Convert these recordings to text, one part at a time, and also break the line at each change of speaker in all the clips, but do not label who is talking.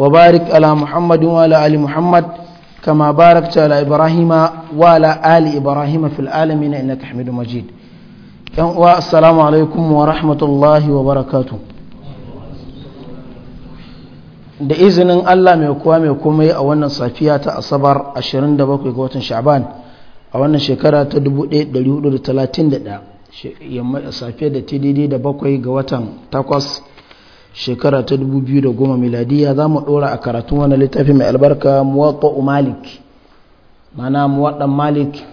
وبارك على محمد وعلى آل محمد كما باركت على إبراهيم وعلى آل إبراهيم في العالمين إنك حميد مجيد السلام عليكم ورحمة الله وبركاته da izinin Allah mai kowa mai komai a wannan safiya ta asabar 27 ga watan sha'ban a wannan shekara ta 1431 safiya da tdd da bakwai ga watan takwas shekara ta dubu biyu da goma miladiya za mu ɗora a karatun wani littafi mai albarka muwaƙa'u malik mana muwaɗan malik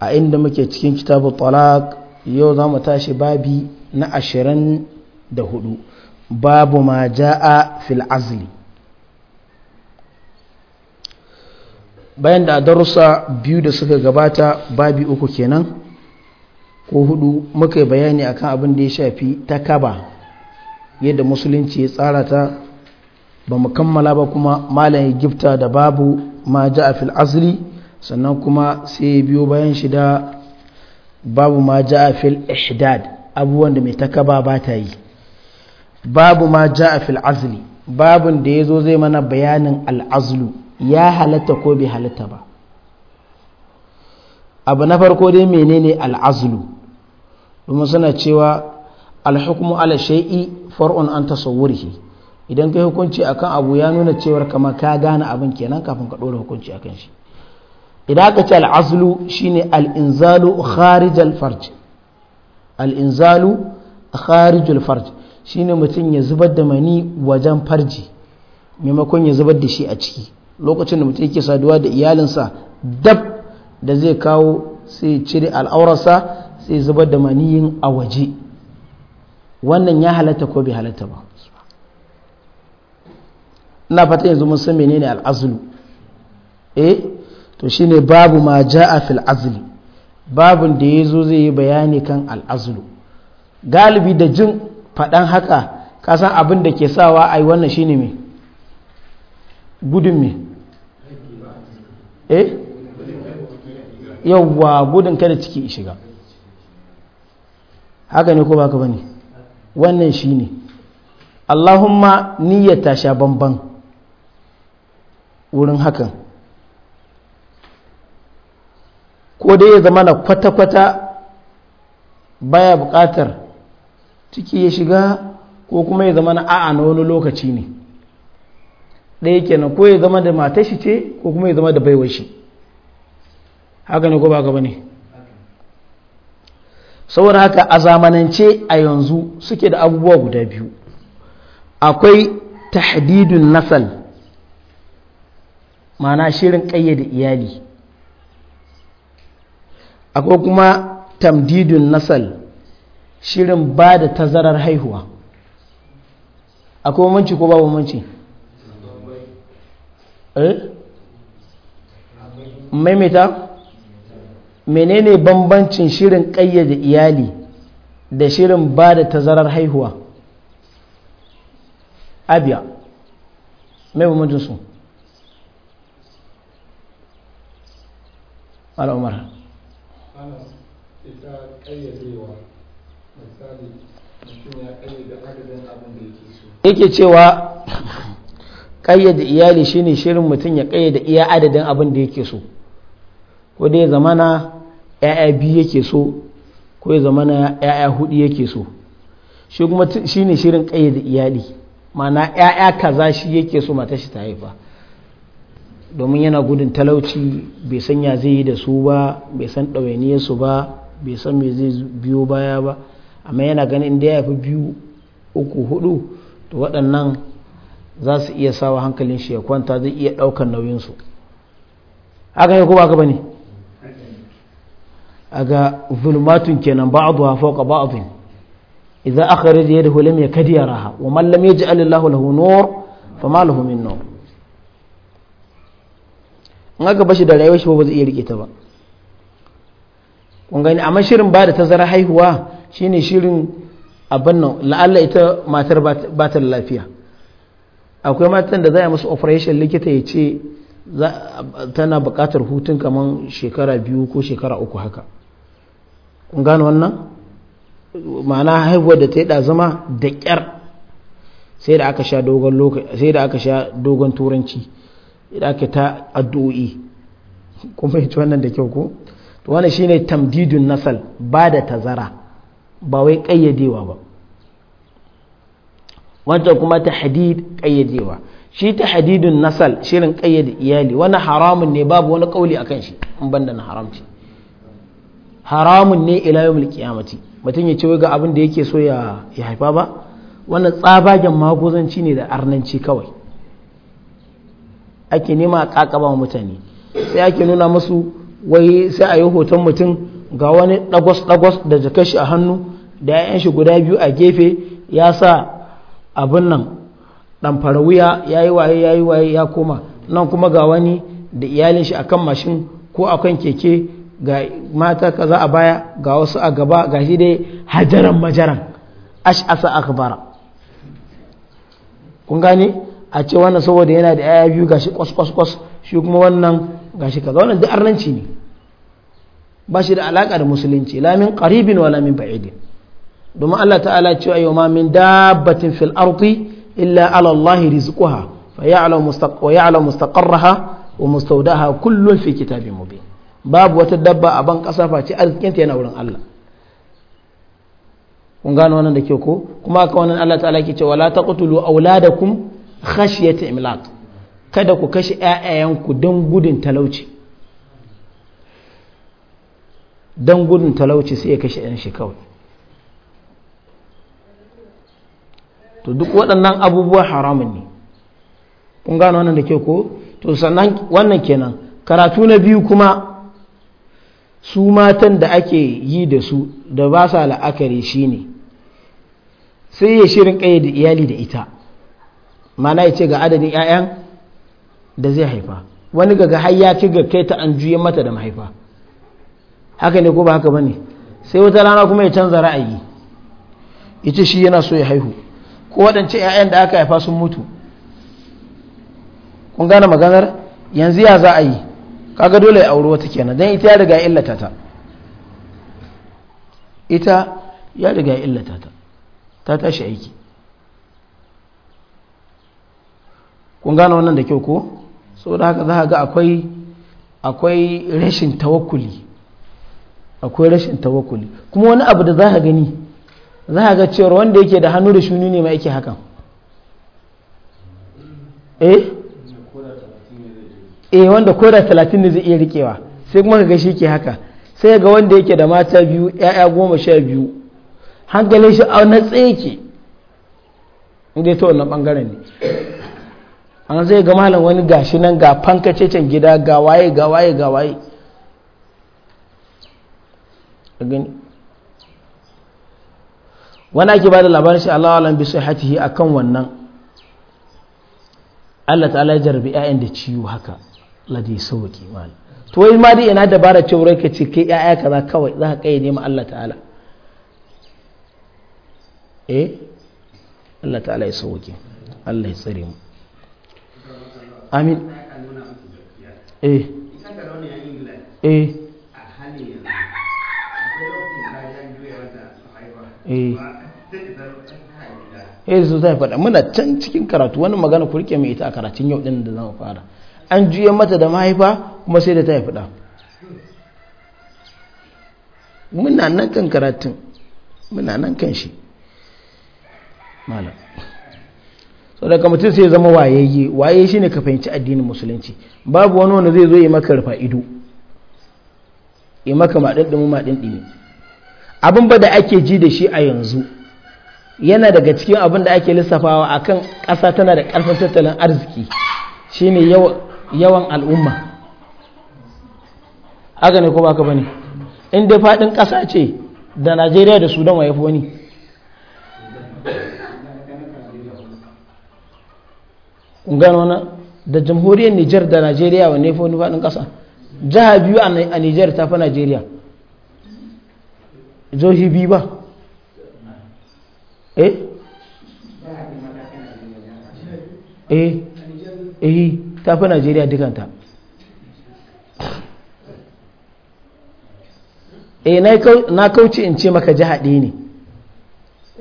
a inda muke cikin kitabu talak yau za mu tashi babi na ashirin da hudu babu ma ja'a fil azli bayan da darussa biyu da suka gabata babi uku kenan ko hudu muka bayani akan abin da ya shafi ta kaba. yadda musulunci ya tsara ta ba mu kammala ba kuma malam ya da babu ma ja a fil asli sannan kuma sai ya biyo bayan shi da babu ma ja a fil ishidad abubuwan da mai takaba ba ta yi babu ma ja a fil asli babun da ya zo zai mana bayanin al'azlu ya halatta ko bai halatta ba abu na farko dai menene al'azlu domin suna cewa alhukmu ala shay'i far'un an tasawwurihi idan kai hukunci akan abu ya nuna cewa kama ka gane abin kenan kafin ka dora hukunci akan shi idan aka ce al'azlu shine al'inzalu kharijal farj al'inzalu kharijal farj shine mutum ya zubar da mani wajen farji maimakon ya zubar da shi a ciki lokacin da mutum yake saduwa da iyalinsa dab da zai kawo sai cire al'aurarsa sai zubar da maniyin a waje wannan ya halatta ko bai halatta ba ina fata yanzu mun san menene al'azlu eh to shine babu ma ja'a fil azli babun da yazo zai yi bayani kan al'azlu galibi da jin faɗan haka ka san abin da ke sawa ai wannan shine me gudun me eh yawwa gudun kada ciki shiga haka ne ko baka bane wannan shi ne, shine Allahumma niyyata tasha bamban wurin hakan ko dai ya zama na kwata-kwata baya bukatar ciki ya shiga ko kuma ya zama na a'a na wani lokaci ne ɗaya kenan ko ya zama da matashi ce ko kuma ya zama da baiwashi haka ne ko ba gaba ne saboda haka a zamanance a yanzu suke da abubuwa guda biyu akwai tahdidun nasal mana shirin kayyade iyali akwai kuma tamdidun nasal shirin ba da tazarar haihuwa akwai mamanci ko babu mamanci? Eh? maimaita? menene bambancin shirin ƙayyade iyali da shirin ba da tazarar haihuwa abiya mai bambancin su al'umar yake cewa ƙayyade iyali shine shirin mutum ya ƙayyade iya adadin abin da yake so ko dai zamana 'ya'ya biyu yake so ko ya zama na 'ya'ya hudu yake so shi kuma shi ne shirin ƙayyade iyali mana 'ya'ya kaza shi yake so mata shi ta haifa domin yana gudun talauci bai san ya zai yi da su ba bai san su ba bai san me zai biyo baya ba amma yana ganin da ya fi biyu uku hudu to waɗannan za su iya sawa hankalin shi ya kwanta zai iya ɗaukar nauyinsu haka ne ko ba ka ba ne aga zulmatun kenan ba'dha fawqa ba'd idza akhraj yadahu lam yakad yaraha wa man lam yaj'al Allahu lahu nur fama lahu min nur in bashi da rayuwar shi ba zai iya rike ta ba kun gani amma shirin ba da tazara haihuwa shine shirin abin nan la'alla ita matar ba ta lafiya akwai matan da za a musu operation likita ya ce tana bukatar hutun kamar shekara biyu ko shekara uku haka kun gano wannan ma'ana haihuwar da ta yi zama da ƙyar sai da aka sha dogon sai da aka sha dogon turanci idan aka ta addu'o'i kuma ita wannan da kyau ko to wannan shine tamdidun nasal ba da tazara ba wai ƙayyadewa ba wanda kuma ta hadid ƙayyadewa shi ta hadidun nasal shirin ƙayyade iyali wani haramun ne babu wani ƙauli akan shi in banda na haramci haramun ne ila yawmil mutum ya ce wai ga abin da yake so ya haifa ba wannan tsabagen magozanci ne da arnanci kawai ake nema a kakaba mutane sai ake nuna musu wai sai a yi hoton mutum ga wani dagwas-dagwas da jakar shi a hannu da 'ya'yan shi guda biyu a gefe ya sa abin nan dan wuya ya yi waye ya yi waye ya koma nan kuma ga wani da iyalin shi akan mashin ko akan keke ga mata kaza a baya ga wasu a gaba ga shi dai hajaran majaran ash'asa akbara kun gane a ce wannan saboda yana da yaya biyu gashi kwas shi kuma wannan gashi kaza wannan duk arnanci ne ba shi da alaka da musulunci lamin min wa wala min ba'idin domin Allah ta'ala ce ayo ma min dabbatin fil ardi illa ala Allah rizquha fa ya'lamu mustaqarraha wa mustawdaha kullun fi kitabin mubin babu wata dabba a ban ƙasa face arzikinta yana wurin Allah kun gano wannan da ke ko kuma aka wannan Allah ta'ala ke cewa la taqtulu auladakum khashyata imlaq kada ku kashe ƴaƴayanku don gudun talauci don gudun talauci sai ya kashe ɗan shi kawai to duk waɗannan abubuwa haramun ne kun gano wannan da ke ko to sannan wannan kenan karatu na biyu kuma su matan da ake yi da su da ba sa la'akari ne, sai ya shirin kai da iyali da ita mana ya ce ga adadin 'ya'yan da zai haifa wani gaga har ya ci ga kai ta an juye mata da mahaifa haka ne ko ba haka bane sai wata rana kuma ya canza ra'ayi ita shi yana so ya haihu ko waɗance 'ya'yan da aka haifa sun mutu kun gane maganar yanzu ya za a yi kaga dole ya auri wata kenan don ita ya riga illata ta ita ya riga illata ta ta tashi aiki kun gane wannan da kyau ko da haka za a ga akwai akwai rashin tawakuli akwai rashin tawakkuli kuma wani abu da za a gani za a ga cewar wanda yake da hannu da shuni ne ma yake hakan eh eh wanda ko da talatin ne zai iya rikewa sai kuma ka ga shi ke haka sai ga wanda yake da mata biyu ya'ya goma sha biyu hankalin shi a na tsaye inda ya wannan bangaren ne an zai ga malam wani gashi nan ga fankacecen gida ga waye ga waye ga waye wani ake ba da labarin shi Allah alam bi sahihatihi akan wannan Allah ta'ala ya jarbi 'ya'yan da ciwo haka ladi da ya to wai ma dai ina dabara wurin ka ce kai yaya kaza kawai za ka kai nema Allah ta'ala eh Allah ta'ala ya sauke Allah ya tsare mu amin eh eh eh eh zo zai faɗa muna can cikin karatu wani magana ku mai ita a karatun yau ɗin da zama fara an juya mata da mahaifa kuma sai da ta haifi ɗa muna nan kan karatun muna nan kan shi malam sau daga mutum sai zama wayayye waye shi ne ka fahimci addinin musulunci babu wani wanda zai zo yi maka rufa ido yi maka maɗaɗɗin maɗin ne. abin ba da ake ji da shi a yanzu yana daga cikin abin da ake lissafawa akan ƙasa tana da ƙarfin tattalin arziki shine yawan yawan al'umma haka ne ko ba ka bane in dai faɗin ƙasa ce da najeriya da sudan wa yafi wani gano na da jamhuriyar nijar da najeriya wa nefa wani faɗin ƙasa jaha biyu a nijar ta fi najeriya jihohi biyu ba eh eh eh ta fi najeriya dukanta eh na kauce in ce maka jiha ɗi ne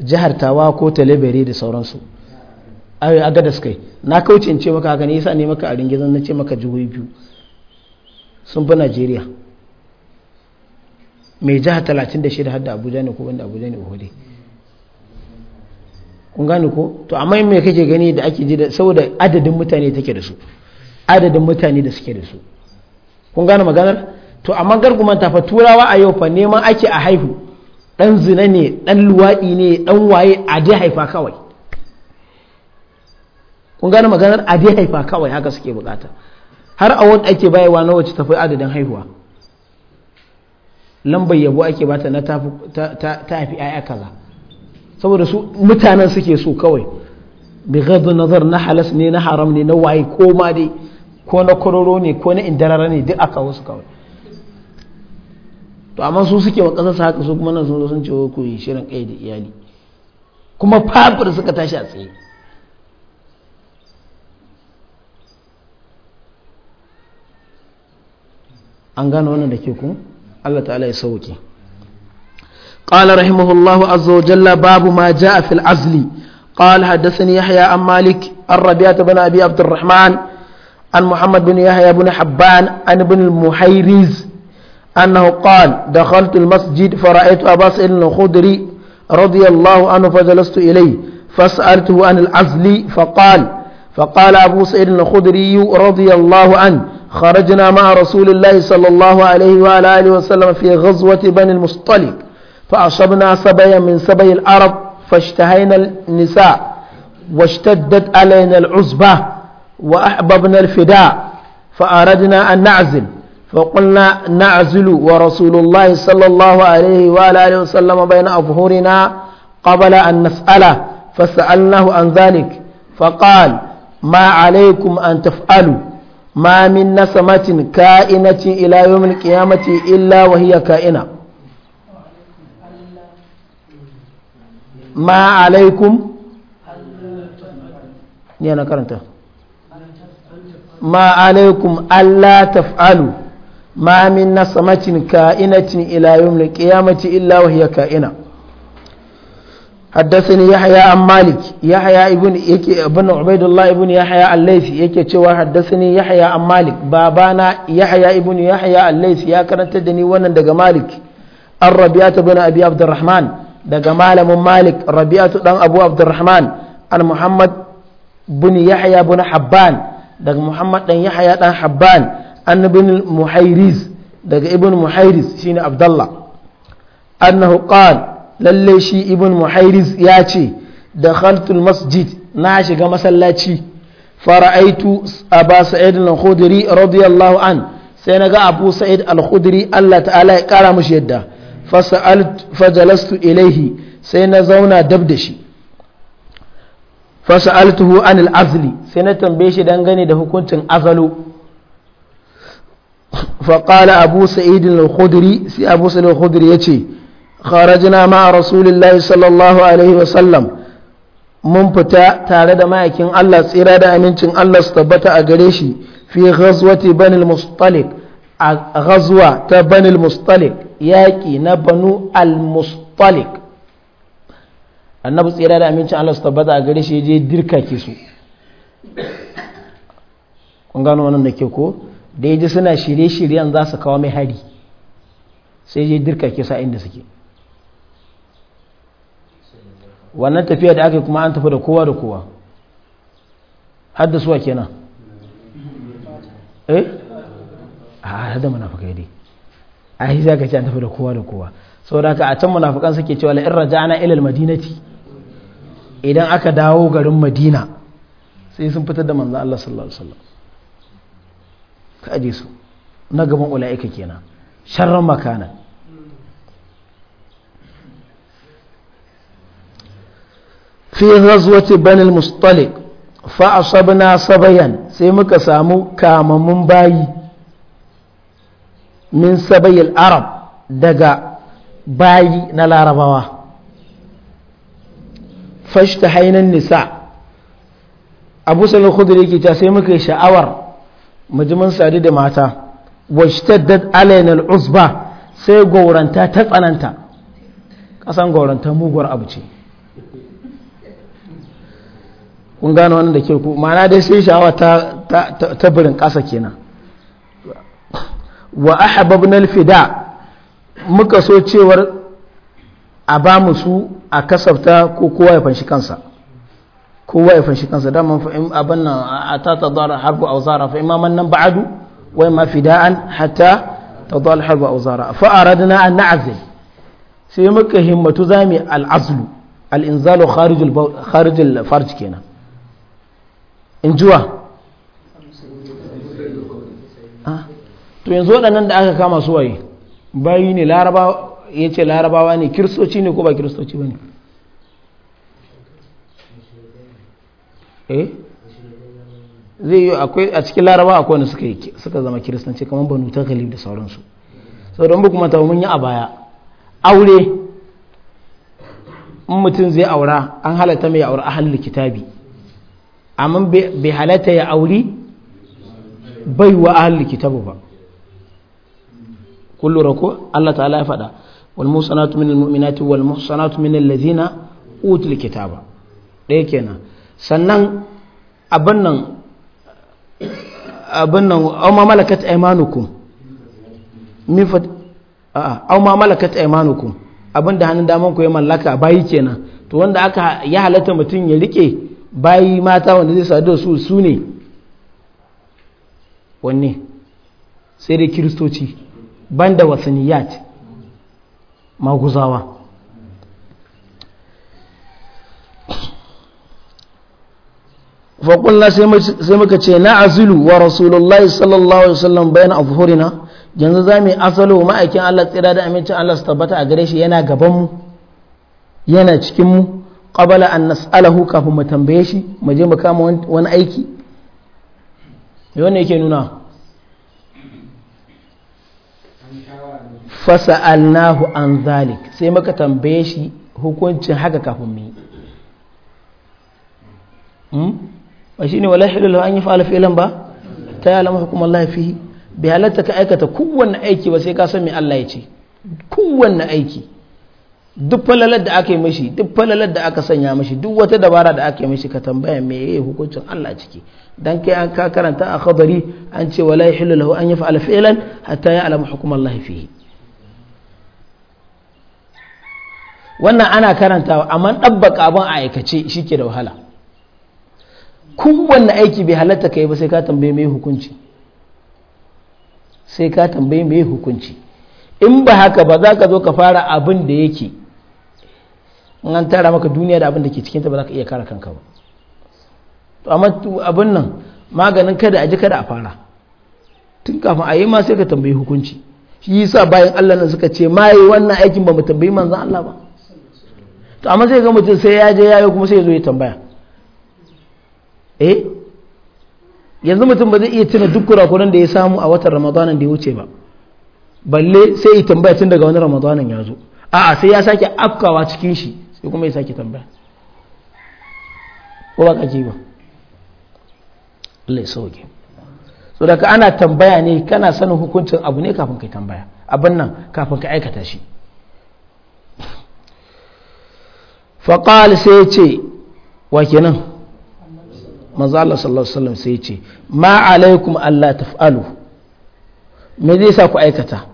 jihar tawa ko talibari da sauransu a gada kai na kauce in ce maka haka ne yasa ne maka a ringizan na ce maka jihohi biyu sun fi najeriya mai jiha 36 har da abuja ne ko wanda abuja ne ohode kun gane ko to amma me kake gani da ake ji da saboda adadin mutane take da su adadin mutane da suke da su kun gane maganar to amma garguman fa turawa a yau fa neman ake a haihu dan zina ne dan luwaɗi ne dan waye a dai haifa kawai kun gane maganar a dai haifa kawai haka suke bukata har a wani ake bayarwa na wacce tafi adadin haihuwa lambar yabo ake bata na ta haifi aya kaza saboda su mutanen suke so kawai bi gadu nazar na halas ne na haram ne na waye ko ma dai ko na kororo ne ko na indarara ne duk aka wasu kawai to amma su suke wa ƙasar haka su kuma nan sun zo sun ce ku yi shirin kai da iyali kuma fafir suka tashi a tsaye an gano wannan da ke ku Allah ta'ala ya sauke قال رحمه الله عز وجل باب ما جاء في العزل قال حدثني يحيى عن مالك الربيعة بن أبي عبد الرحمن عن محمد بن يحيى بن حبان عن ابن المحيريز أنه قال دخلت المسجد فرأيت أبا سعيد الخدري رضي الله عنه فجلست إليه فسألته عن العزل فقال فقال أبو سعيد الخدري رضي الله عنه خرجنا مع رسول الله صلى الله عليه وعلى آله وسلم في غزوة بني المصطلق فأصبنا سبيا من سبي العرب فاشتهينا النساء واشتدت علينا العزبة وأحببنا الفداء فأردنا أن نعزل فقلنا نعزل ورسول الله صلى الله عليه وآله وسلم بين أظهرنا قبل أن نسأله فسألناه عن ذلك فقال ما عليكم أن تفعلوا ما من نسمة كائنة إلى يوم القيامة إلا وهي كائنة ما عليكم يا أنا كرنته ma alaikum alla taf'alu ma min nasamatin ka'inatin ila yawmil qiyamati illa wa ka'ina حدثني يحيى عن مالك يحيى yake يكي ابن عبيد ya ابن يحيى الليثي يكي cewa حدثني يحيى عن مالك بابانا ya karanta da ni wannan daga Malik an بن أبي عبد الرحمن daga malamin Malik Rabi'atu dan Abu Abdurrahman an Muhammad bin Yahya bin Habban daga muhammad dan yahya dan habban an muhairiz daga ibn muhairiz shine abdullah annahu qala lalle shi ibn muhairiz ya ce dakhaltu masjid na shiga masallaci fara'aitu aba sa'id al-khudri radiyallahu an sai naga abu sa'id al-khudri Allah ta'ala ya kara mushi yadda fasa'altu fajalastu ilaihi sai na zauna dab da shi fasa'altuhu anil azli sai na tambaye shi dangane da hukuncin azalu faƙala abu sa'id al-khudri sai abu sa'id al-khudri yace kharajna ma rasulillahi sallallahu alaihi mun fita tare da ma'aikin Allah tsira da amincin Allah su tabbata a gare shi fi ghazwati banil mustalik a ghazwa ta banil mustalik yaƙi na banu al-mustalik annabi tsira da amincin Allah su tabbata a gare shi je dirka ke su kun gano wannan da ke ko da ya ji suna shirye-shiryen za su kawo mai hari sai je dirka ke sa inda suke wannan tafiya da aka yi kuma an tafi da kowa da kowa suwa kenan eh a ah, hada munafikai dai a yi za ka ce an tafi da kowa da kowa Sau da haka a can munafukan suke cewa la'irra raja'ana ilal madinati idan aka dawo garin madina sai sun fitar da manzan Allah sallallahu alaihi wasallam ka aje su na gaban ula'ika kenan sharran makana fi ghazwati banil mustalik fa asabna sabayan sai muka samu kamammun bayi min sabayil arab daga bayi na larabawa fashta hainan nisa abu salin khudri yake ta sai muka yi sha'awar mujimin sadu da mata wajtaddad alainal uzba sai gauranta ta tsananta kasan gauranta muguwar abu ce kun gano wannan da ke ku ma'ana dai sai sha'awa ta birin ƙasa kenan wa ahababnal fida muka so cewar a ba mu su a kasafta ko kowa ya fanshi kansa kowa ya fanshi kansa daman fa in abin nan a ta tadara harbu auzara fa imma man nan ba'adu wa imma fida'an hatta tadal harbu auzara fa aradna an na'zil sai muka himmatu zami al-azlu al-inzalu kharij al-kharij al ah. to yanzu waɗannan da aka kama su waye bayi ne laraba ya ce larabawa ne kiristoci ne ko ba kiristoci ba ne eh? zai yi akwai a cikin larabawa akwai wani suka zama kiristanci kamar banu ta galib da sauransu sau don kuma ta mun yi a baya aure in mutum zai aura an halatta mai aura a hannun kitabi amma bai halatta ya auri baiwa hannun kitabu ba kullura ko Allah ta'ala ya fada والمحصنات من المؤمنات والمحصنات من الذين أوتوا الكتاب ɗaya kenan sannan abin nan abin nan auma malakat aimanukum mifat a'a auma malakat aimanukum abin da hannun daman ku ya mallaka bayi kenan to wanda aka ya halatta mutum ya rike bayi mata wanda zai sadu da su su wanne sai dai kiristoci banda wasaniyat maguzawa faƙulla sai muka ce na azulu wa rasulullahi sallallahu alaihi wasallam bayan azhurina yanzu za mu yi asalo ma'aikin Allah tsira da amincin Allah su tabbata a gare shi yana gabanmu yana cikinmu qabala an nas'alahu kafin mu tambaye shi mu je mu kama wani aiki me yake nuna fasa'alnahu an zalik sai maka tambaye shi hukuncin haka kafin mu yi hmm? ba shine wala hilalu an yi fa'ala fi'lan ba ta ya lama hukum Allah fihi halatta ka aikata kowanne aiki ba sai ka san me Allah ya ce kowanne aiki duk falalar da aka yi mishi duk falalar da aka sanya mishi duk wata dabara da aka yi mishi ka tambaya me yayi hukuncin Allah ciki dan kai an ka karanta a khadari an ce wala hilalu an yaf'ala fi'lan hatta ya alama Allah fihi wannan ana karantawa amma ɗabbaka abin a aikace shi ke da wahala kowanne aiki bai halatta ka yi ba sai ka tambaye mai hukunci sai ka tambaye mai hukunci in ba haka ba za ka zo ka fara abin da yake an tara maka duniya da abin da ke cikinta ba za ka iya kara kanka ba to amma abin nan maganin kada a ji kada a fara tun kafin a yi ma sai ka tambayi hukunci shi yi sa bayan Allah nan suka ce ma yi wannan aikin ba mu tambayi manzan Allah ba to amma sai ga mutum sai ya je yayo kuma sai ya zo ya tambaya eh yanzu mutum ba zai iya tuna duk kurakuran da ya samu a watan ramadanan da ya wuce ba balle sai ya tambaya tun daga wani ramadanan ya zo a'a sai ya sake afkawa cikin shi sai kuma ya sake tambaya ko ba ji ba Allah ya sauke so daga ana tambaya ne kana sanin hukuncin abu ne kafin kai tambaya abin nan kafin ka aikata shi faƙal sai ya ce wa kenan manzo Allah sallallahu alaihi sai ya ce ma alaikum Allah taf'alu me zai sa ku aikata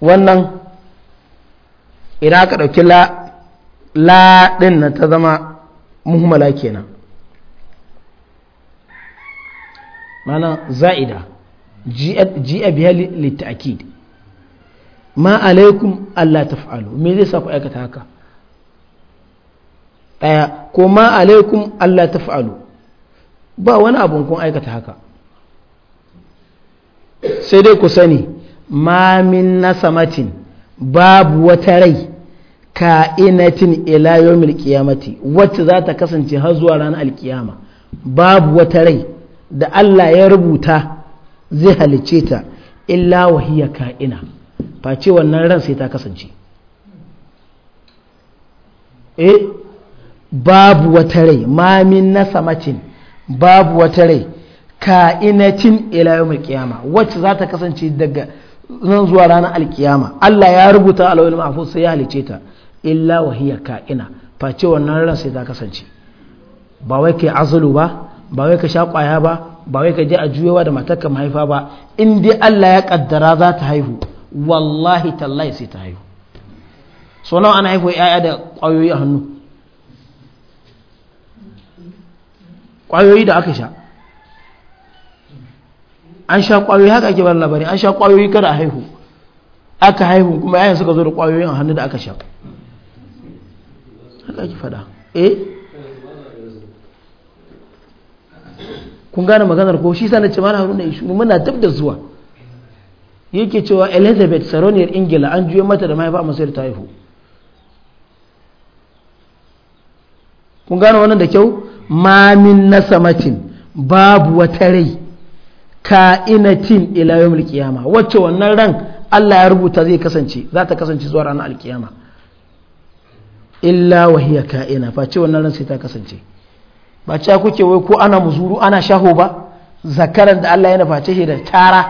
wannan idan aka ɗauki laɗin na ta zama muhimmala kenan mana za'ida a biya litta'akid ma alaikum Allah ta fa’alu me zai sa ku aikata haka ɗaya ko ma alaikum Allah ta fa’alu ba wani abun kun aikata haka sai dai ku sani ma min samatin babu wata rai ka'inatin ila yawmil kiyamati wacce za ta kasance har zuwa ranar alkiyama babu wata rai da Allah ya rubuta zai halice ta illa wahiya ka'ina face wannan ran sai ta kasance eh babu wata rai mamin na samacin babu wata rai ka'inacin ila yawmul wacce za ta kasance daga nan zuwa ranar alkiyama Allah ya rubuta alawil mafi sai ya halice ta illa wahiya ka'ina face wannan ran sai ta kasance ba wai yi azalu ba ba wai ka sha kwaya ba ba wai ka je a juyewa da matakan mahaifa ba in dai Allah ya kaddara za ta haihu wallahi tallahi sai ta haihu so nawa ana haihuwa yaya da kwayoyi a hannu kwayoyi da aka sha an sha kwayoyi haka ake bada labari an sha kwayoyi kada a haihu aka haihu kuma yayan suka zo da kwayoyin a hannu da aka sha haka ake fada eh kun gane maganar ko shi sanar ce mana haruna ya shi. muna tab da zuwa yake cewa elizabeth saroniyar ingila an juya mata da mahaifa a masar ta haihu kun gano wannan da kyau mamin na samatin babu wata rai ka'inatin ilayen alkiyama wacce wannan ran Allah ya rubuta zai kasance za ta kasance zuwa ranar alkiyama illa wahiya ka'ina face ce wannan ran sai ta kasance ba ce kuke wai ko ana muzuru ana shaho ba zakaran da Allah ya face ce da tara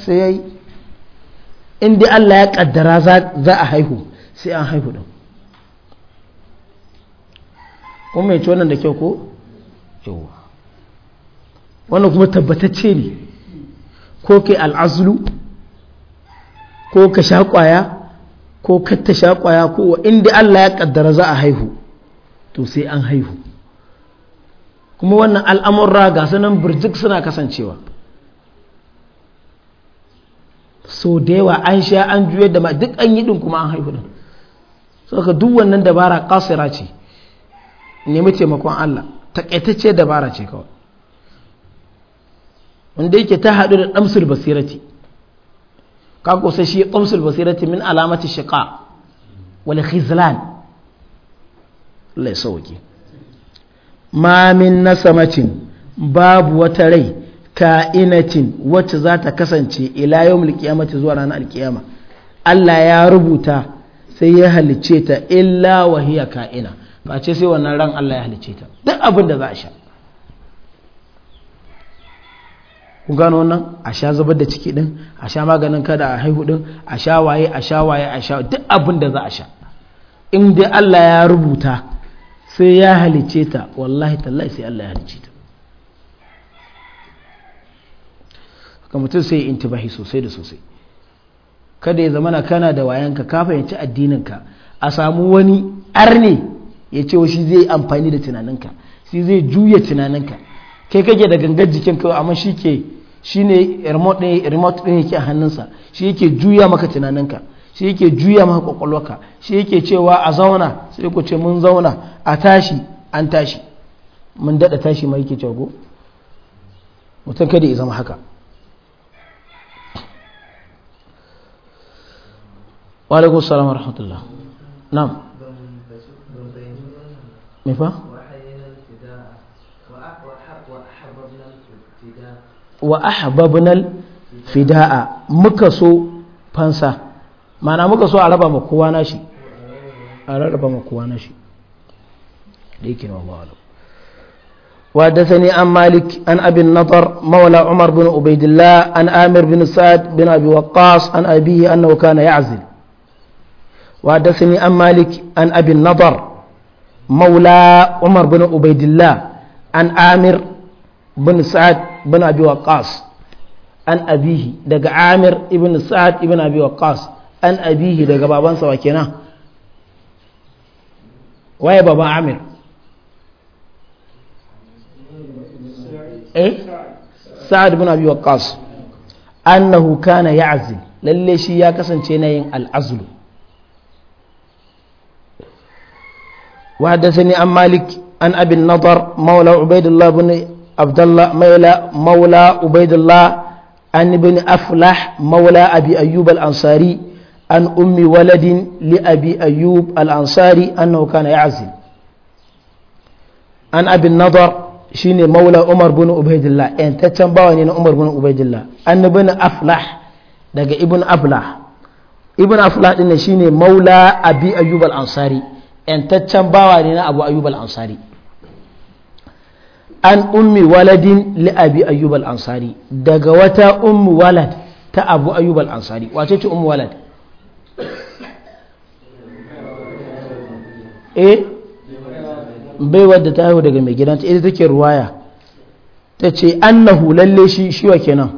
sai yi in dai Allah ya kaddara za a haihu sai an haihu ɗin kuma mai nan da kyau ko yawa wanda kuma tabbatacce ne ko kai al'azulu ko ka sha kwaya ko katta sha kwaya ko wa inda Allah ya kaddara za a haihu to sai an haihu kuma wannan al'amurra ga sanan birjik suna kasancewa so da yawa an sha an juyar da ma duk an yi din kuma an haihu din ka duk wannan dabara kasira ce nemi taimakon Allah takaitacce dabara ce kawai wanda yake ta haɗu da ɗamsul basirati ka kusa shi ɗamsul basirati min alamati shiƙa wani khizlan Allah ya sauke ma min babu wata rai ka'inatin wacce za ta kasance ila yau alkiyamati zuwa ranar alkiyama Allah ya rubuta sai ya halice ta illa wahiya ka'ina ba ce sai wannan ran Allah ya halice ta duk abin da za a sha Ku gano wannan a sha zubar da ciki din a sha maganin kada a haihu din a sha waye a sha waye a sha duk abin da za a sha in dai Allah ya rubuta sai ya halice ta wallahi tallahi sai Allah ya halice ta ka mutum sai ya intibahi sosai da sosai kada ya zamana kana da wayanka ka fahimci ka a samu wani arne ya ce shi zai amfani da tunaninka shi zai juya tunaninka kai kake da gangar jikin kawai amma shi ke shi ne remote ɗin yake a hannunsa shi yake juya maka tunaninka shi yake juya maka kwakwalwaka shi yake cewa a zauna sai ku ce mun zauna a tashi an tashi mun daɗa tashi ma yake cewa ko mutum kada ya zama haka Waalaikumsalam warahmatullah. Naam. Mifa? Wa ahbabnal fida'a muka so fansa mana muka so a raba ma kowa na shi a raba ma kowa na shi da yake nawa ba'alu وحدثني عن مالك عن أبي النضر مولى عمر بن عبيد الله عن آمر بن سعد بن أبي وقاص عن أبيه أنه كان يعزل وحدثني عن مالك عن أبي النضر مولى عمر بن عبيد الله عن عامر بن سعد بن أبي وقاص عن أبيه دق عامر بن سعد بن أبي وقاص عن أبيه دق بابان سواكينا ويا بابا عامر إيه سعد بن أبي وقاص أنه كان يعزل للي شي يا كسن yin al'azlu وحدثني عن مالك عن أبي النضر مولى عبيد الله بن عبد الله مولى مولى عبيد الله عن ابن أفلح مولى أبي أيوب الأنصاري عن أم ولد لأبي أيوب الأنصاري أنه كان يعزل عن أبي النضر شيني مولى عمر بن عبيد الله أن تتنبأني عمر بن عبيد الله أن ابن أفلح daga ابن aflah ابن aflah din شيني مولى abi ayyub al yantaccen bawa ne na abu ayyub ansari an ummi waladin li'abi abi ansari daga wata ummi walad ta abu ayyub ansari wace ce ummi walad eh bai wadda ta haihu daga mai gidanta ita take ruwaya ta ce annahu lalle shi shiwa kenan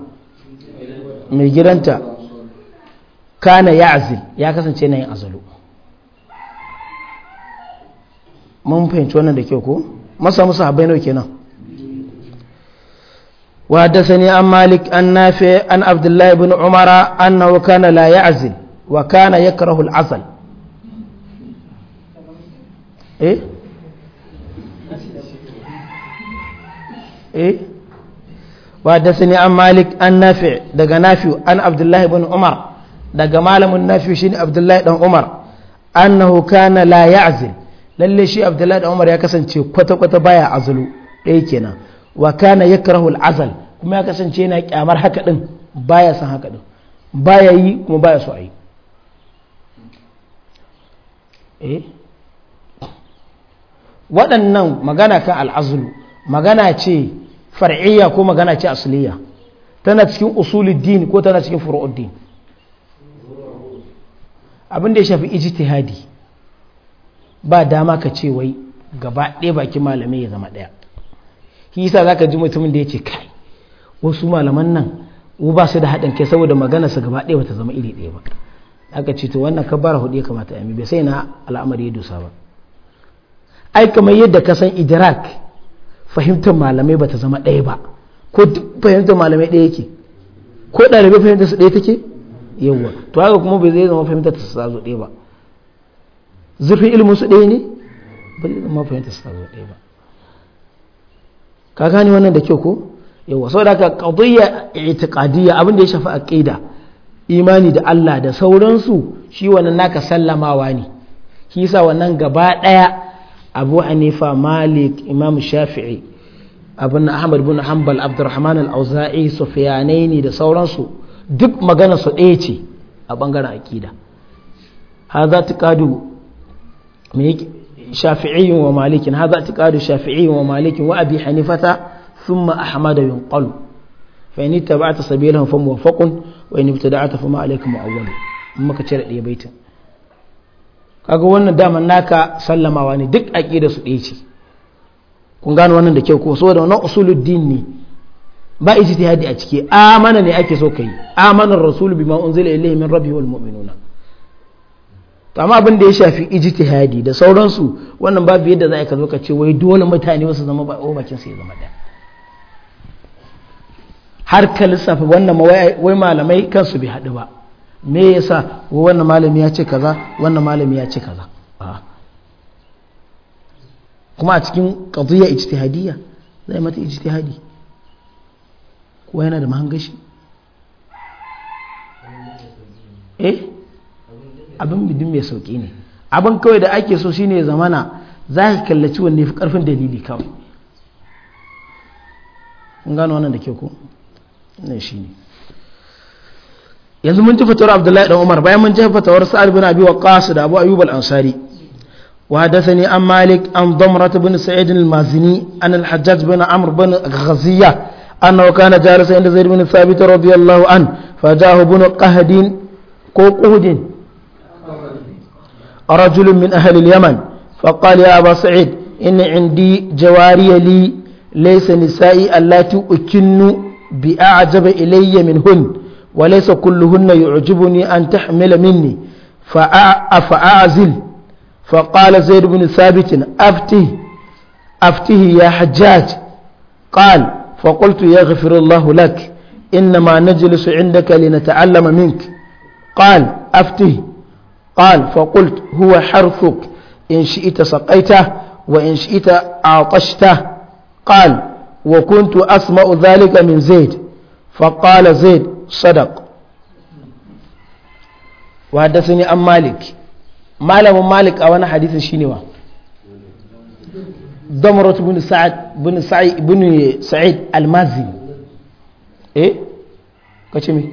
mai gidanta kana ya azil ya kasance na yin azalu mun fahimci wannan da kyau ko masa musu haɓe nau kenan wa dasani an malik an nafe an abdullahi bin umara an na ya azil wakana ya karahul asal eh eh an malik an nafe daga nafi an abdullahi bin umar daga malamin nafi shi ne abdullahi umar annahu kana ya azil lalle shi abdullahi da umar ya kasance kwata-kwata baya azulu ɗaya kenan wa kana ya al-azal kuma ya kasance yana kyamar haka ɗin baya san haka din baya yi kuma baya so ayi yi. Eh? waɗannan magana kan al'azulu magana ce far'iyya ko magana ce asliya tana cikin usuluddin ko tana cikin furu'uddin abin da ya shafi ijtihadi ba dama ka ce wai gaba ɗaya bakin malamai ya zama ɗaya shi yasa zaka ji mutumin da ya ce kai wasu malaman nan u ba su da haɗin kai saboda magana su gaba ɗaya bata zama iri ɗaya ba aka ce to wannan ka bara hudu ya kamata a bai sai na al'amari ya dusa ba ai kamar yadda ka san idrak fahimtar malamai bata zama ɗaya ba ko fahimtar malamai ɗaya yake ko ɗalibai fahimtar su ɗaya take yawwa to haka kuma bai zai zama fahimtar su ɗaya ba zurfin ilimin su ɗaya ne bali ma fahimta su tazo ɗaya ba ka gane wannan da kyau ko yawa sau da ka qadiyya abin da ya shafi ƙida imani da Allah da sauransu shi wannan naka sallamawa ne kisa wannan gaba ɗaya abu hanifa malik imam shafi'i abin ahmad bin hanbal abdurrahman al-auza'i ne da sauransu duk magana su ɗaya ce a ɓangaren aƙida hadha taqadu شافعي ومالك هذا اعتقاد شافعي ومالك وأبي حنيفة ثم أحمد ينقل فإن اتبعت سبيلهم فموفق وإن ابتدعت فما عليك معول أما كتير لي بيت kaga wannan daman naka sallamawa ne duk aƙida su ɗaya ce kun gano wannan da kyau ko so da wannan usuluddin ne ba ijtihadi a cike amana ne ake so kai amanar rasul bima unzila ilayhi min rabbihi wal mu'minuna to amma abin da ya shafi ijtihadi da sauransu wannan babu yadda za ka zo ka ce wai dole mutane wasu zama ba bakin su ya zama da har ka lissafa wannan wai malamai kansu bai haɗu ba me yasa wannan malami ya ce kaza wannan malami ya ce kaza kuma a cikin qadiyya ijtihadiyya zai mata ijtihadi ko yana da mahangashi eh abin bidin mai sauƙi ne abin kawai da ake so shine ya zamana za ka kallaci wanne fi ƙarfin dalili kawai kun gano wannan da ke ku ne shi ne yanzu mun ci fatawar abdullahi ɗan umar bayan mun ci fatawar sa'ad bin abi wa qasid abu ayyub al ansari wa hadathani an malik an damrat bin sa'id al mazini an al hajjaj bin amr bin ghaziya annahu kana jalisa inda zaid bin thabit radiyallahu an fajahu bin qahdin ko qudin رجل من أهل اليمن فقال يا أبا سعيد إن عندي جواري لي ليس نسائي اللاتي أكن بأعجب إلي منهن وليس كلهن يعجبني أن تحمل مني فأعزل فقال زيد بن ثابت أفته أفته يا حجاج قال فقلت يغفر الله لك إنما نجلس عندك لنتعلم منك قال أفته قال فقلت هو حرثك إن شئت سقيته وإن شئت أعطشته قال وكنت أسمع ذلك من زيد فقال زيد صدق وحدثني أم مالك ما لم مالك أو أنا حديث شينوا دمرة بن سعد بن سعيد بن سعيد المازي إيه كتشمي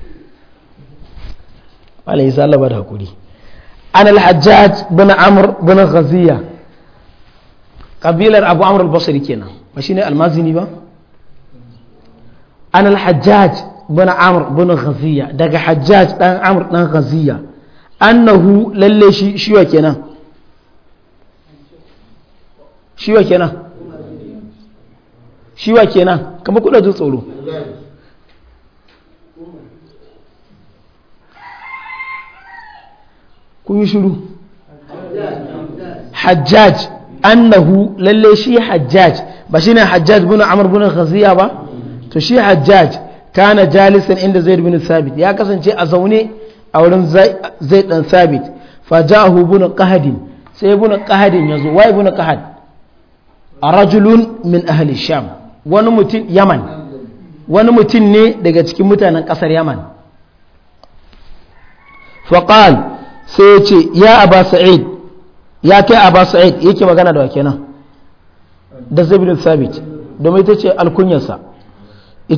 alayhi sallama da hakuri an al-hajjaj bin amr bin ghaziya kabilar abu amr al-basri kenan ba shine almazini ba an al-hajjaj bin amr bin ghaziya daga hajjaj dan amr dan ghaziya annahu lalle shi shiwa kenan shiwa kenan shiwa kenan kamar kuɗa jin tsoro kun yi shiru hajjaj annahu lalle shi hajjaj ba shi ne hajjaj bin amur bin khaziya ba to shi hajjaj kana jalisan inda zai bin sabit ya kasance a zaune a wurin zaid dan sabit fa bin kahadin sai bin qahadin yazo wai bin a rajulun min ahli sham wani mutum yaman wani mutum ne daga cikin mutanen kasar yaman faqal sai ya ce ya aba sa'id ya kai aba sa'id yake magana da wa kenan da zaid bin sabit domin ita ce alkunyarsa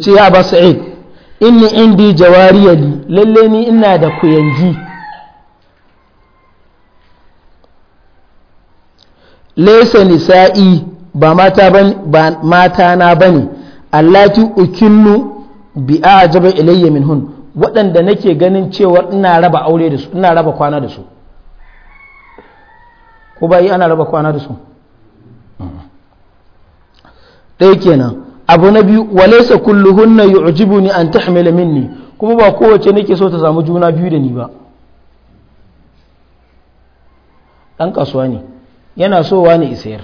ce ya aba sa'id inni indi jawariyali lalle ni ina da kuyangi Laisa nisa'i ba mata ba mata na bane allati ukinnu bi ajaba ilayya min hun. waɗanda nake ganin cewar ina raba aure da su ina raba kwana da su ko bayi ana raba kwana da su ɗaya kenan abu na biyu walaisa kulluhunna yu'jibuni an tahmila minni kuma ba kowace nake so ta samu juna biyu da ni ba ɗan kasuwa ne yana wa ne isayar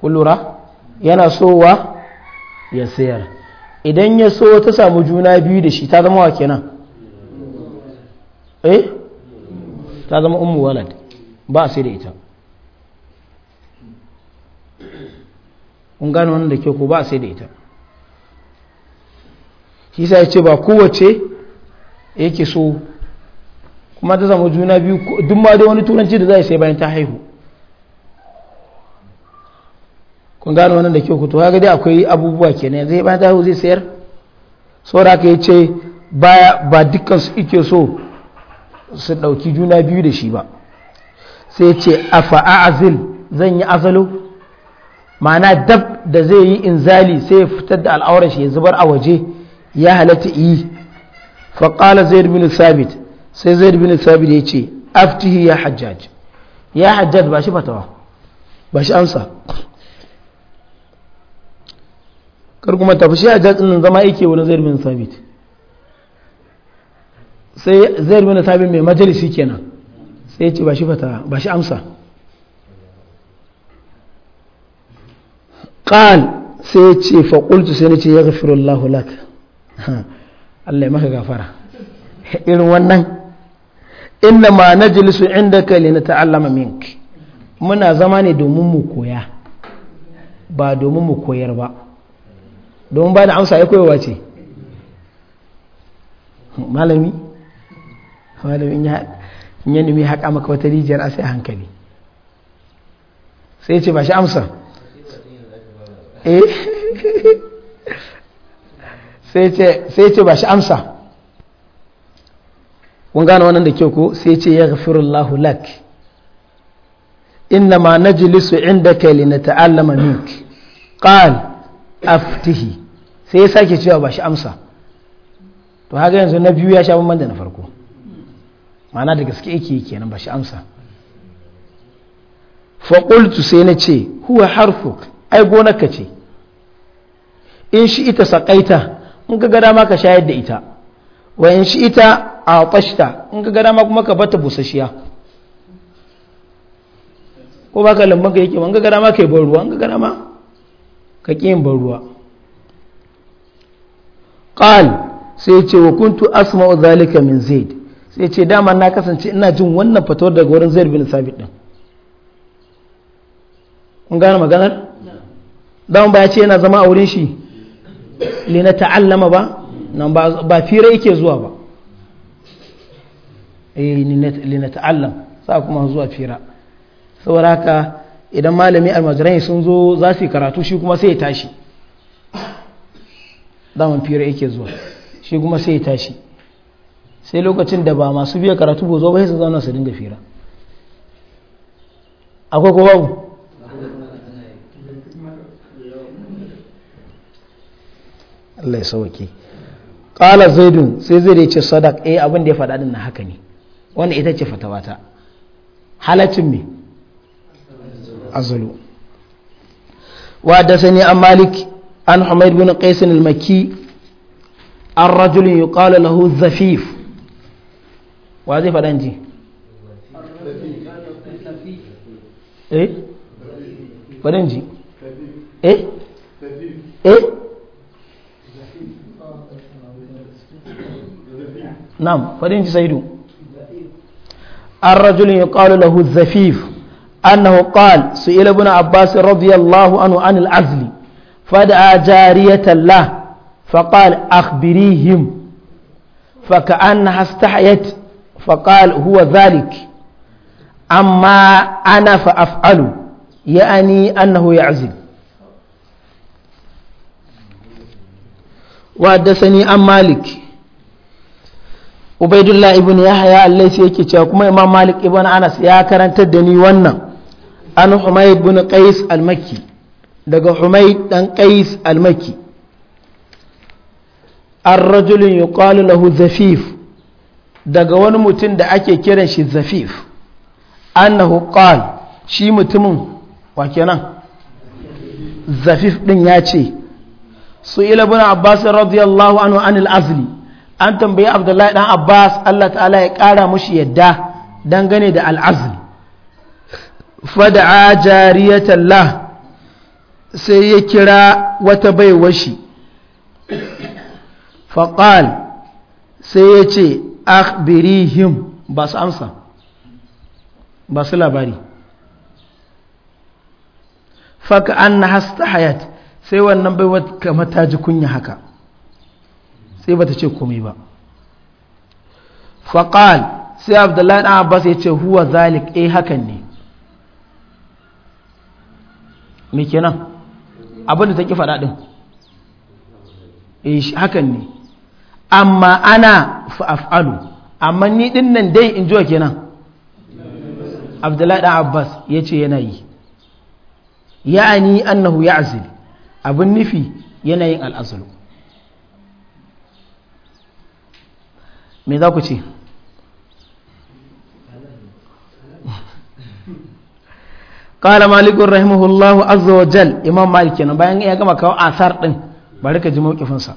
kullura yana so wa ya sayar idan ya so ta samu juna biyu da shi ta zama wa kenan eh ta zama ummu walad ba sai da ita kun gano wannan da ke ko ba sai da ita shi sa ya ce ba kowace yake so kuma ta samu juna biyu duk ma dai wani turanci da za a sai bayan ta haihu kun gano wannan da ke ku to kaga dai akwai abubuwa ke ne zai bayan ta zai sayar saura ka ya ce baya ba dukkan su ike so su ɗauki juna biyu da shi ba sai ce a azil zan yi azalo ma'ana dab da zai yi inzali sai ya fitar da al'aurar shi ya zubar a waje ya halatta yi faƙala zaid bin sabit sai zaid bin sabit ya ce aftihi ya hajjaj ya hajjaj ba shi fatawa ba shi amsa kar kuma tafi shi hajjaj din zama yake wani zai rumin sabit sai zai rumin sabit mai majalisi kenan sai ya ce ba shi fata ba shi amsa qal sai ya ce fa qultu sai nace yaghfirullahu lak Allah ya maka gafara irin wannan inda ma najlisu indaka ta'allama mink muna zama ne domin mu koya ba domin mu koyar ba domin ba da amsa ya koyowa ce malami malami ya nemi haƙa maka wata rijiyar a sai hankali sai ce ba shi amsa eh? sai ce ba shi amsa kun gane wannan da kyau ko sai ce ya gafirullahu lak inna ma najlisu indaka ta'allama mink ƙal aftihi sai ya sake cewa ba shi amsa to haka yanzu na biyu ya sha bamban da na farko ma'ana da gaske yake kenan ba shi amsa faƙultu sai na ce huwa harfu ai gonarka ce in shi ita saƙaita in ka gada ma ka shayar da ita wa in shi ita a ƙwashta in ka gada ma kuma ka bata busasshiya ko ba ka lambanka yake ba in ka gada ma ka yi ban ruwa in ka gada ma ka ƙi yin ban ruwa qal sai ce wa kuntu asma'u zalika min zaid sai ce dama na kasance ina jin wannan fatawar daga wurin zaid bin sabit din kun gane maganar dama ba ya ce yana zama a wurin shi li na ta'allama ba nan ba fira yake zuwa ba eh li na ta'allam sa kuma zuwa fira saboda haka idan malami almajirai sun zo za su yi karatu shi kuma sai ya tashi daman fira yake zuwa shi kuma sai ya tashi sai lokacin da ba masu biya karatu ba zo ba su zauna su dinga fira akwai ko babu Allah ya sauke qala zaidun sai zai ce sadaq eh abin da ya faɗa din na haka ne wanda ita ce fatawata halaccin me azulu wa da sani an maliki. عن حميد بن قيس المكي عن رجل يقال له الزفيف وهذه فرنجي ايه فرنجي إيه؟ إيه؟, ايه ايه نعم فرنجي سيدو الرجل يقال له الزفيف أنه قال سئل ابن عباس رضي الله عنه عن العزل fada jariyatan la faƙal akhbirihim faka an na hastahayat faƙal huwa zalik amma ana fa’af’alu ya ani annahu ya azil wadda sani an malik ubaidullah ibn ya haya allai sai yake cewa kuma imam malik ibn anas ya karantar da ni wannan an huma ibn qais al-makki daga humaid dan qais al-makki ar-rajul yuqalu lahu zafif daga wani mutum da ake kiran shi zafif annahu qala shi mutumin wa kenan zafif din ya ce su ila bin abbas radiyallahu anhu al azli an tambayi abdullahi dan abbas Allah ta'ala ya kara mushi yadda dangane da al-azli. fada'a jariyatan lah sai ya kira wata baiwar shi faƙal sai ya ce akhbirihim ba su amsa ba su labari faka an na hasta hayat sai wannan baiwar kamar ta ji kunya haka sai ba ta ce komai ba faƙal sai abdullahi ɗan abbas ya ce huwa zalik eh hakan ne me kenan abin da ta ƙi faɗaɗin? E, eh, hakan ne amma ana fa'afalu amma ni ɗin nan dai in jiwa kenan abdullahi ɗan abbas ya ce yana yi ya'ani annahu ya asili abin nufi yanayin al'asalu me za ku ce qala malikun rahimahullahu azza wa jal imam malik kenan bayan ya gama kawo asar din bari ka ji mawqifin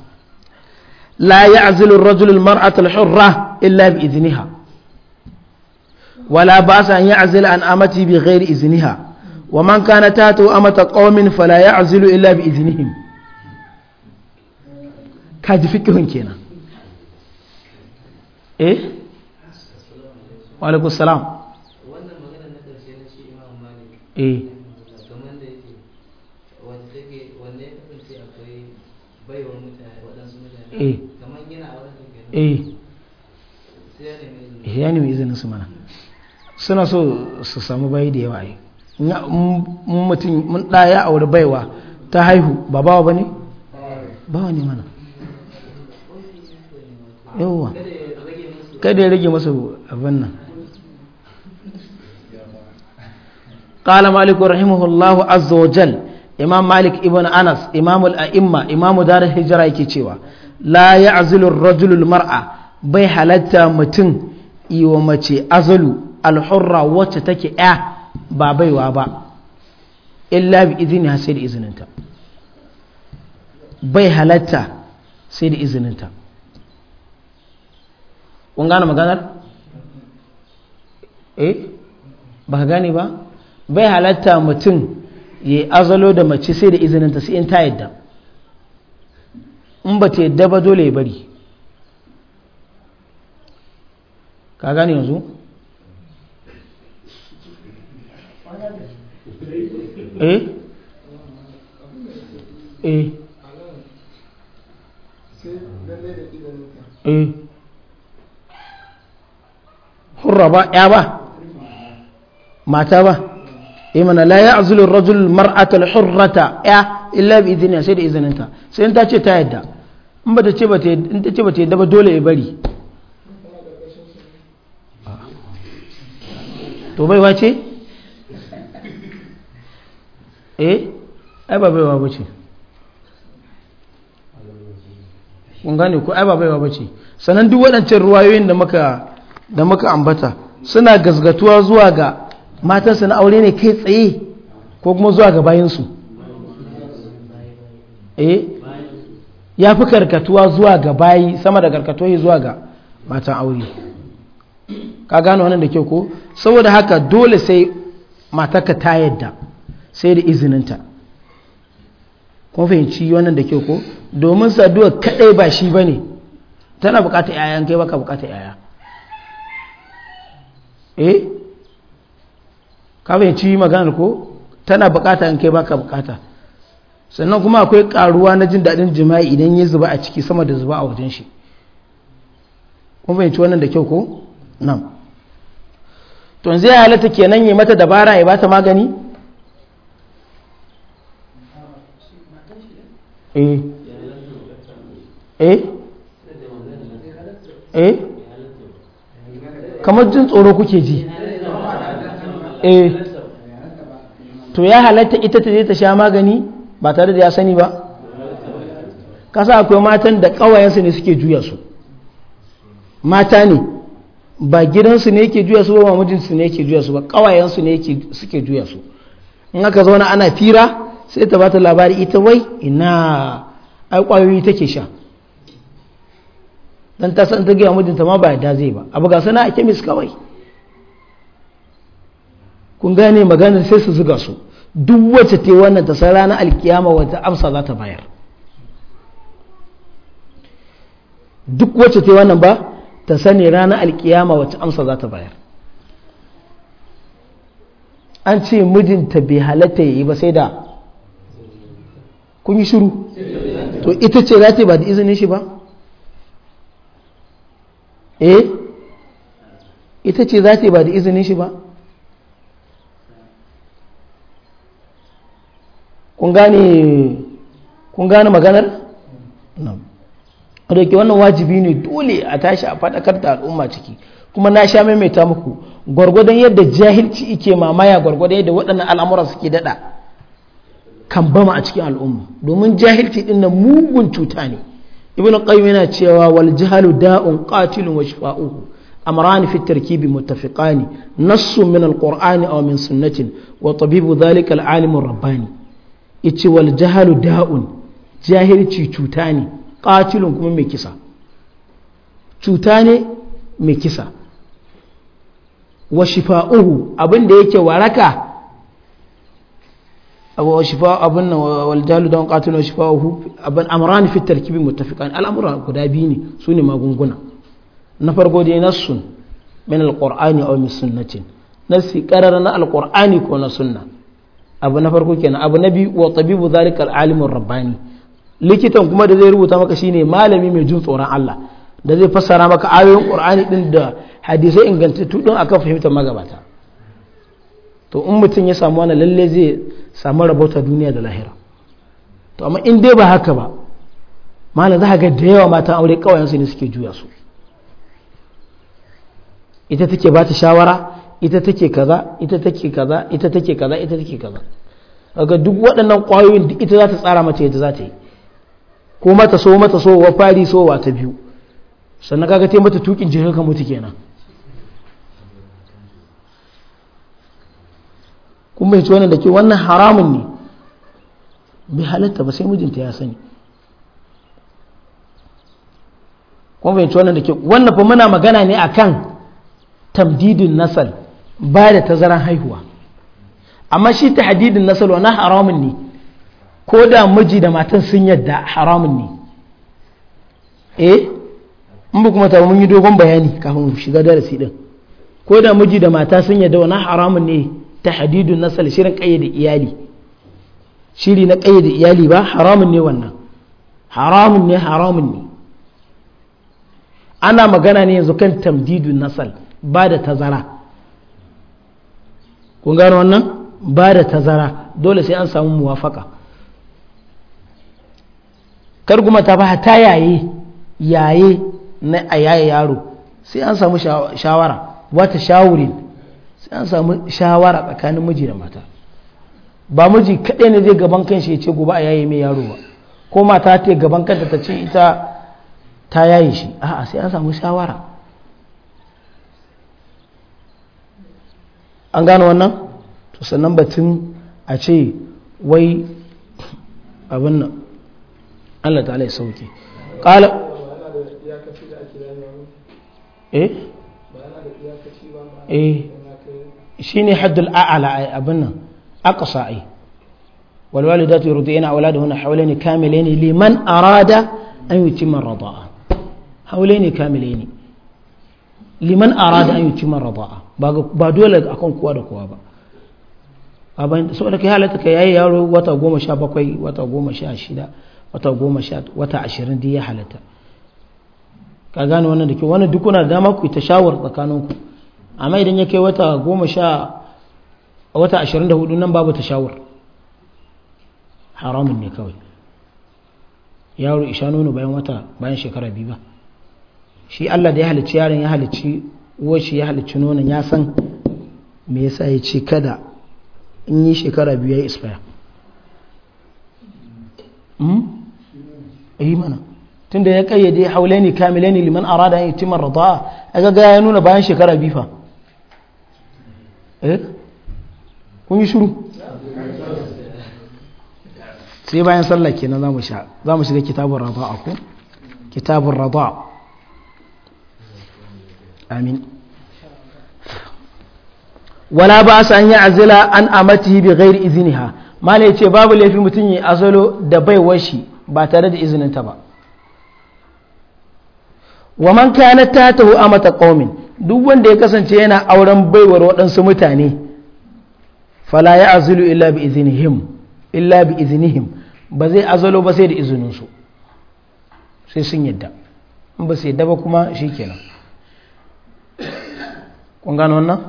la ya'zilu ar-rajulu al al-hurra illa bi idniha wala ba'sa an ya'zila an amati bi ghairi wa man kana tatu amata qaumin fala ya'zilu illa bi ka ji eh eh ya nemi izinin su mana suna so su samu bayi da yawa ai mutum mun ɗaya auri baiwa ta haihu ba bawa ba ne? bawa ne mana yawwa kada ya rage masa abin nan قال مالك رحمه الله عز وجل إمام مالك ابن أنس إمام الأئمة إمام دار cewa يكي لا يعزل الرجل mara bai halatta mutum iwa mace azalu alhurra wacce take ya ba baiwa ba illa bi izini izininta bai halatta sai izininta kun gane maganar? ba ka gane ba? bai halatta mutum ya azalo da mace sai da izinin ta sai in ta yadda in ba ta yadda ba dole ya bari ka gane yanzu eh eh eh hurra ba ya ba mata ba imana la ya azulu rajul mar'atul hurrata ya illa bi idniha sai da izininta sai in ta ce ta yadda in ba ta ce ba ta in ta ce ba ta yadda ba dole ya bari to baiwa ce eh ai ba bai wace kun gane ko ai ba bai wace sanan duk waɗancan ruwayoyin da muka da muka ambata suna gazgatuwa zuwa ga matansa na aure ne kai tsaye ko kuma zuwa ga bayansu eh ya fi karkatuwa zuwa ga bayi sama da karkatuwa zuwa ga matan aure ka gano wannan da kyau ko saboda haka dole sai matarka ta yadda sai da izininta kuma fahimci wannan da kyau ko domin saduwa kadai ba shi ba ne tana bukata 'ya'yan kai baka bukata 'ya'ya eh ka fahimci maganar ko tana bukata in kai baka bukata sannan kuma akwai karuwa na jin daɗin jima'i idan ya zuba a ciki sama da zuba a wajen shi Kuma fahimci wannan da kyau ko nan to zai halatta kenan yi mata dabara ya bata magani eh eh eh kamar jin tsoro kuke ji eh to ya halatta ita ta je ta sha magani ba tare da ya sani ba kasa akwai matan da kawayensu ne suke juya su mata ne ba gidansu ne yake juya su ba mamajinsu ne yake juya su ba ƙawayensu ne suke juya su in aka zauna ana fira sai ta bata labari ita wai ina ai kwayoyi take sha dan ta san ta gaya mijinta ma ba da zai ba abu ga sana a kemis kawai kun gane maganar sai su zuga su duk wacce te wannan ta san ranar alkiyama wata amsa za ta bayar duk wacce te wannan ba ta sani ranar alkiyama wata amsa za ta bayar an ce mijinta bai halatta ya yi ba sai da kun yi shiru to ita ce za ta ba da izinin shi ba eh ita ce za ta ba da izinin shi ba kun gane maganar wannan wajibi ne dole a tashi a faɗakar da al'umma ciki kuma na sha maimaita muku gwargwadon yadda jahilci ike mamaya gwargwadon yadda waɗannan al'amura suke daɗa kan bama a cikin al'umma domin jahilci ɗin na mugun cuta ne ibn qayyim yana cewa wal jahalu da'un qatilun wa shifa'uhu amran fi tarkibi muttafiqani nassu min alqur'ani aw min sunnatin wa tabibu dhalika al-alim rabbani ice wal jahalu da'un jahilci cuta ne qatilun kuma mai kisa cuta ne mai kisa wa shifa'uhu abin da yake waraka wa shifa abin nan wal jahalu da'un qatilun wa shifa'uhu abin amran fi tarkibi muttafiqan al'amura guda biyu ne su ne magunguna na farko dai nassun min al-qur'ani aw min sunnatin nasi qarara na al-qur'ani ko na sunna abu na farko kenan abu na biyu wa tabibu zalika al-alimur rabbani likitan kuma da zai rubuta maka shine malami mai jin tsoron Allah da zai fassara maka ayoyin Qur'ani din da hadisai ingantattu din akan fahimtar magabata to in mutum ya samu wannan lalle zai samu rabauta duniya da lahira to amma in dai ba haka ba malam za ga da yawa matan aure su ne suke juya su ita take ba ta shawara ita take kaza ita take kaza ita take kaza ita take kaza kaga duk waɗannan ƙwayoyin duk ita za ta tsara mata yadda za ta yi ko mata so mata so wa fari so wa ta biyu sannan kaga ta mata tukin jirgin kan mutu kenan kun bai wannan da ke wannan haramun ne bai halatta ba sai mijinta ya sani kun bai wannan da ke wannan fa muna magana ne akan tamdidin nasal ba da tazaran haihuwa amma shi ta hadidin nasarwa na haramun ne ko da miji da matan sun yadda haramun ne eh in ba kuma mun yi dogon bayani kafin mu shiga darasi din ko da miji da mata sun yadda wani haramun ne ta hadidin nasar shirin kayyade iyali shiri na kayyade iyali ba haramun ne wannan haramun ne haramun ne ana magana ne yanzu kan tamdidun nasal ba da tazara kun gano wannan ba da tazara dole sai an samu muwafaka kar kuma ta fa ta yaye yaye na a yaye yaro sai an samu shawara wata shawurin sai an samu shawara tsakanin miji da mata ba miji kaɗai ne zai gaban kanshi ya ce gobe a yaye mai yaro ba ko mata ta gaban kanta ta ce ita ta yaye shi a'a sai an samu shawara an gano wannan to sannan batun a ce wai abin nan Allah ta'ala ya sauke ƙala eh eh shi ne haddul a'ala abin nan aƙasa ai والوالدات يرضين liman arada كاملين لمن أراد أن يتم الرضاعة حولين liman arada an yutimma rada'a ba dole a kan kowa da kowa ba saboda kai halatta ka yayi yaro wata goma sha bakwai wata goma sha shida wata goma sha wata ashirin da ya halatta ka gane wannan da ke wannan duk wani dama ku ta shawar tsakaninku amma idan ya kai wata goma sha wata ashirin da hudu nan babu ta shawar haramun ne kawai yaro isha nono bayan wata bayan shekara biyu ba shi Allah da ya halicci yaron ya halicci uwarshi ya halicci nonon ya san me yasa ya ce kada in yi shekara biyu ya isfaya yi hmm? eh, mana tun da ya kayyade haulaini kamilaini liman arada yin timar rata a ga ya nuna bayan shekara biyu fa eh kun yi shuru sai bayan sallah kenan za mu shiga kitabun rata a ku kitabun rata amin wala ba su an yi azila an amatihi bi ghairi iziniha mala ya ce babu laifin mutum yi azalo da baiwar shi ba tare da izininta ba wa man kana ta tahu amata qaumin duk wanda ya kasance yana auren baiwar waɗansu mutane fala ya azulu illa bi izinihim illa bi izinihim ba zai azalo ba sai da izininsu sai sun yadda in ba su yadda ba kuma shikenan kun gano wannan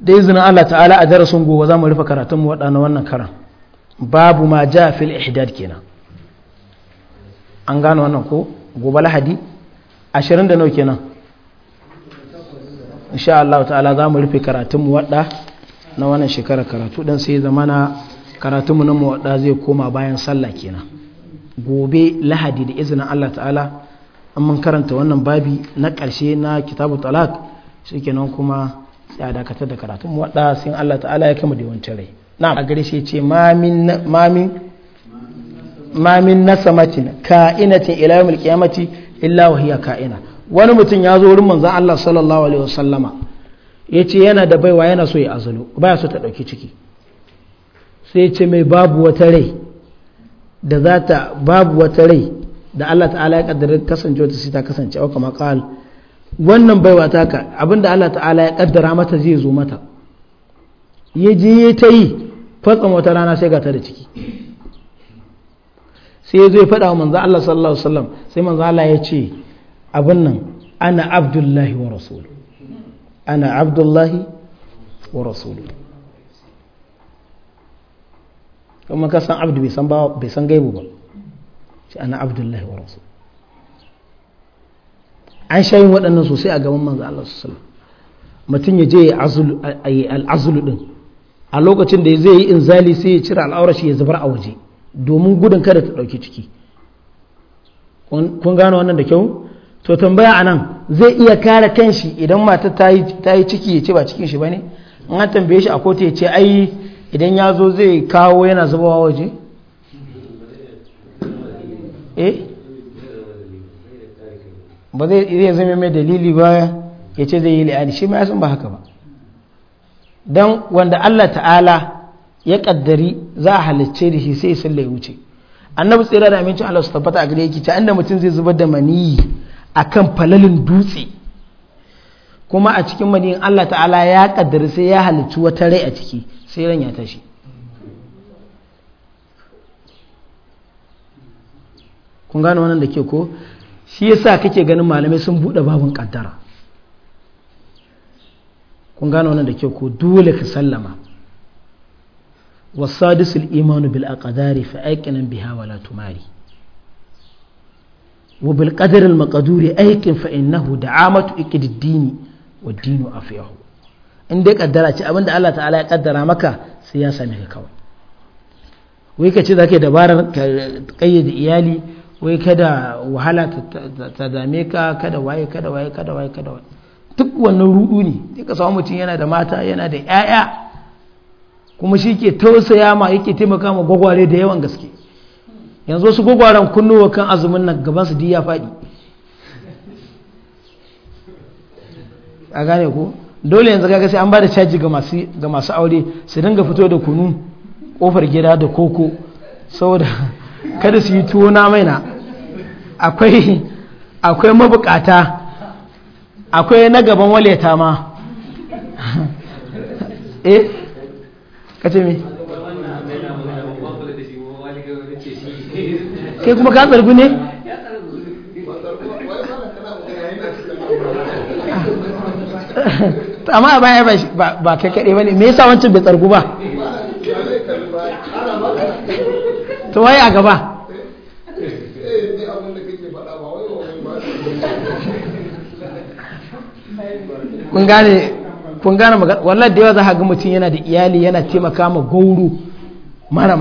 da izinin Allah ta'ala a darasin gobe za mu rufe karatun mu waɗannan wannan karan babu ma ja fil ihdad kenan an gano wannan ko gobe lahadi 20 da nawa kenan insha Allah ta'ala za mu rufe karatun mu waɗa na wannan shekara karatu dan sai zamana karatun mu na mu waɗa zai koma bayan sallah kenan gobe lahadi da izinin Allah ta'ala an mun karanta wannan babi na ƙarshe na kitabu talak shikenan kuma sai a dakatar da karatun waɗa sai Allah ta'ala ya kama da yawancin rai na a gare shi ce mamin nasamatin ka'inatin ila yawmil illa wa hiya ka'ina wani mutum ya zo wurin manzan Allah sallallahu alaihi wasallama yace yana da baiwa yana so ya azalo baya so ta ɗauki ciki sai ya ce mai babu wata rai da za ta babu wata rai da Allah ta'ala ya kaddara kasancewa ta sita ta kasance au kama wannan baiwa taka abinda Allah ta'ala ya kaddara mata zai zo mata ya je ya ta yi fatsan mota rana sai ga ta da ciki sai ya zo ya faɗa wa manzo Allah sallallahu alaihi wasallam sai manzo Allah ya ce abin nan ana abdullahi wa rasulu ana abdullahi wa rasulu kuma ka san abdu bai san gaibu ba ana abdullahi wa rasulu an sha yin waɗannan sosai a gaban manzo Allah mutum ya je al'azulu ɗin a lokacin da zai yi inzali sai ya cire al'aura shi ya zubar a waje domin gudun kada ta ɗauki ciki kun gano wannan da kyau to tambaya a nan zai iya kare kanshi idan mata ta yi ciki ya ce ba cikin shi ba ne in an tambaye shi a kotu ya ce ai idan ya zo zai kawo yana zubawa waje eh ba zai zama mai dalili ba ya ce zai yi li'ani shi ma ya san ba haka ba don wanda Allah ta'ala ya kaddari za a halicce da shi sai sun lai wuce annabi tsira da amincin Allah su tabbata a gare yake ta inda mutum zai zubar da maniyi kan falalin dutse kuma a cikin maniyin Allah ta'ala ya kaddari sai ya halicci wata rai a ciki sai ran ya tashi kun gano wannan da ke ko shi yasa kake ganin malamai sun buɗe babun kaddara kun gane wannan da ke ko dole ka sallama wasadisul imanu bil aqdari fa aiqina biha wa la tumari wa bil qadar al maqduri aiqin fa innahu da'amatu wa dinu afiyahu in dai kaddara ce abinda Allah ta'ala ya kaddara maka siyasa ya same ka kawai wai ka ce zakai dabarar ka kayyade iyali wai kada wahala ta dame ka kada waye kada waye kada waye kada waye duk wannan rudu ne sai ka samu mutum yana da mata yana da 'ya'ya kuma shi ke tausaya ma yake taimaka ma gwagware da yawan gaske yanzu wasu gwagwaren kunnuwa kan azumin nan gaban su ya faɗi a gane ko dole yanzu kaga sai an ba da caji ga masu aure su dinga fito da kunu kofar gida da koko saboda kada su yi tuwo na maina akwai mabukata akwai na gaban waleta ma eh kace me ke kuma ka zargu ne amma ba baya ba kai kaɗai ba ne me yasa wancan bai tsargu ba to waye a gaba kun gane kun gane wallahi da yawa za a ga mutum yana da iyali yana taimaka ma gauru mara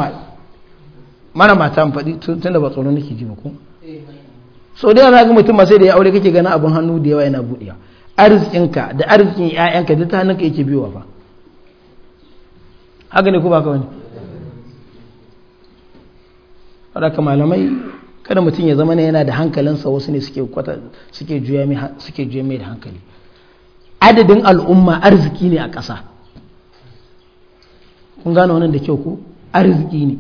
mata faɗi tun da ba tsoron nake ji ba ko so da yawa za a ga mutum masai da ya aure kake gana abin hannu da yawa yana buɗewa arzikinka da arzikin 'ya'yanka duk ta hannunka yake biyowa ba haka ne ku ba ka wani haka malamai kada mutum ya zama ne yana da hankalinsa wasu ne suke juya mai da hankali adadin al'umma arziki ne a ƙasa kun gano wannan da kyau ku, arziki ne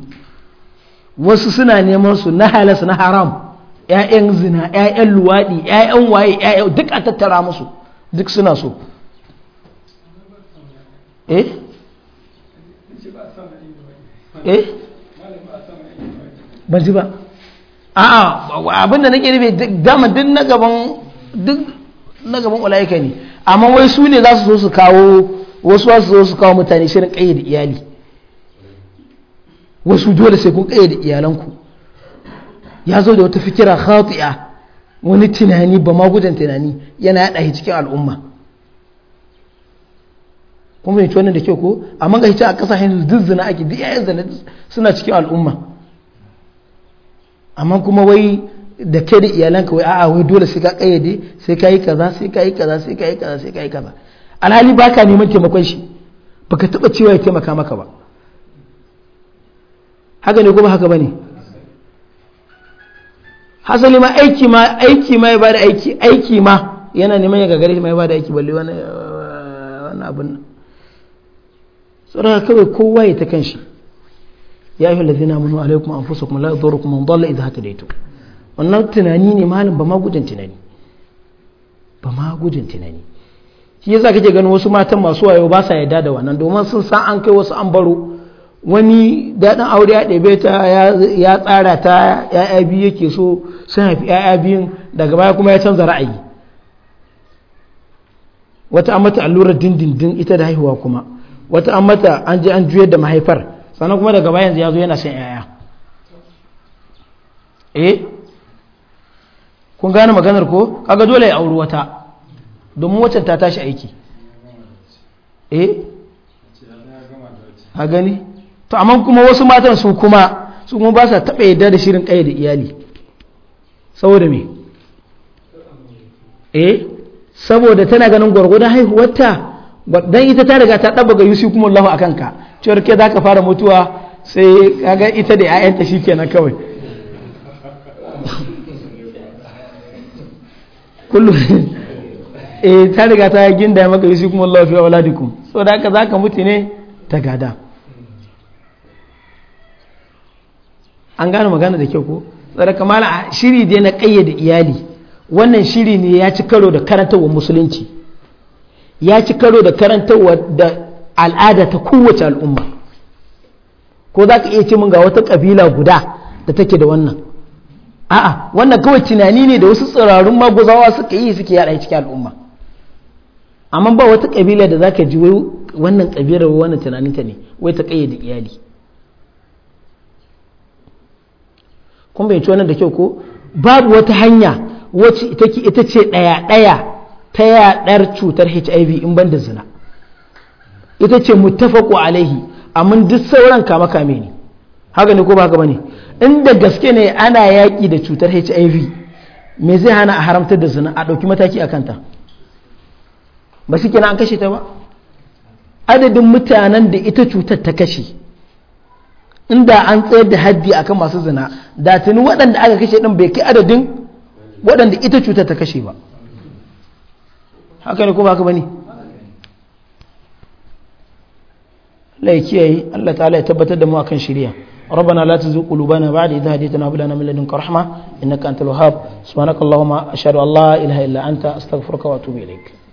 wasu suna neman su na halas na haram ‘ya'yan zina ‘ya'yan luwaɗi ‘ya'yan waye ‘ya'yan duk a tattara musu duk suna so eh eh ba ji ba a'a abinda nake nufi dama duk na gaban duk na gaban ulaika ne amma wai su ne za su zo su kawo wasu za su zo su kawo mutane shirin kayyade iyali wasu dole sai kun kayyade iyalanku ya zo da wata fikira khati'a wani tunani ba magudan tunani yana yada shi cikin al'umma kuma fahimci wannan da kyau ko amma ga shi a kasashen duk zina ake duk yayin zina suna cikin al'umma amma kuma wai da ke da iyalanka wai a'a wai dole sai ka kayyade sai ka yi kaza sai ka yi kaza sai ka yi kaza sai ka yi kaza alhali baka neman taimakon shi baka taba cewa ya taimaka maka ba haka ne kuma haka bane hasali ma aiki ma aiki ma ya bada aiki aiki ma yana neman ya gagare ma ya bada aiki balle wani abin nan saboda kawai kowa ya ta kan shi ya ayyuhal ladzina amanu alaikum anfusakum la yadurrukum man dalla idha hadaytum wannan tunani ne malam ba ma gudun tunani ba ma gudun tunani shi yasa kake ganin wasu matan masu wayo ba sa yarda da wannan domin sun san an kai wasu an baro wani daɗin aure ya ɗebe ta ya tsara ta ya'ya biyu yake so sun haifi ya'ya biyun daga baya kuma ya canza ra'ayi wata an mata allurar dindindin ita da haihuwa kuma wata an mata an je an juyar da mahaifar sannan kuma daga bayan ya zo yana son yaya eh kun gane maganar ko kaga dole ya auri wata domin waccan ta tashi aiki eh a gani to amma kuma wasu matan su kuma su kuma ba sa taɓa yadda da shirin da iyali saboda me eh saboda tana ganin gwargwadon haihuwarta dan ita ta riga ta ga yusi kuma Allah a kanka cewar ke za ka fara mutuwa sai kaga ita da 'ya'yanta shi kenan kawai kullum eh ta riga ta ginda maka yusi kuma Allah fi auladikum so da haka za ka mutu ne ta gada an gane magana da kyau ko tsara kamala shiri dai na kayyade iyali wannan shiri ne ya ci karo da karantarwar musulunci ya ci karo da karantarwa da al'ada ta kowace al'umma ko za ka iya ce mun ga wata kabila guda da take da wannan a'a wannan kawai tunani ne da wasu tsirarun maguzawa suka yi suke yada cikin al'umma amma ba wata kabila da za ka ji wannan kabilar wannan tunaninta ne wai ta kayyade iyali kun bayanci wannan da kyau ko babu wata hanya wacce ita ce ɗaya ɗaya ta yaɗar cutar hiv in ban da zina ita ce a alaihi amma duk sauran kama kame ne haka ne ko ba haka bane inda gaske ne ana yaƙi da cutar hiv me zai hana a haramtar da zina a ɗauki mataki a kanta ba shi kenan an kashe ta ba adadin mutanen da ita cutar ta kashe inda an tsayar da haddi akan masu zina da tuni waɗanda aka kashe ɗin bai kai adadin waɗanda ita cutar ta kashe ba haka ne ko ba haka bane Allah ya kiyaye Allah ta'ala ya tabbatar da mu akan shari'a ربنا لا تزغ قلوبنا بعد إذ هديتنا وهب لنا من لدنك رحمة إنك أنت الوهاب سبحانك اللهم أشهد أن لا إله إلا أنت أستغفرك وأتوب إليك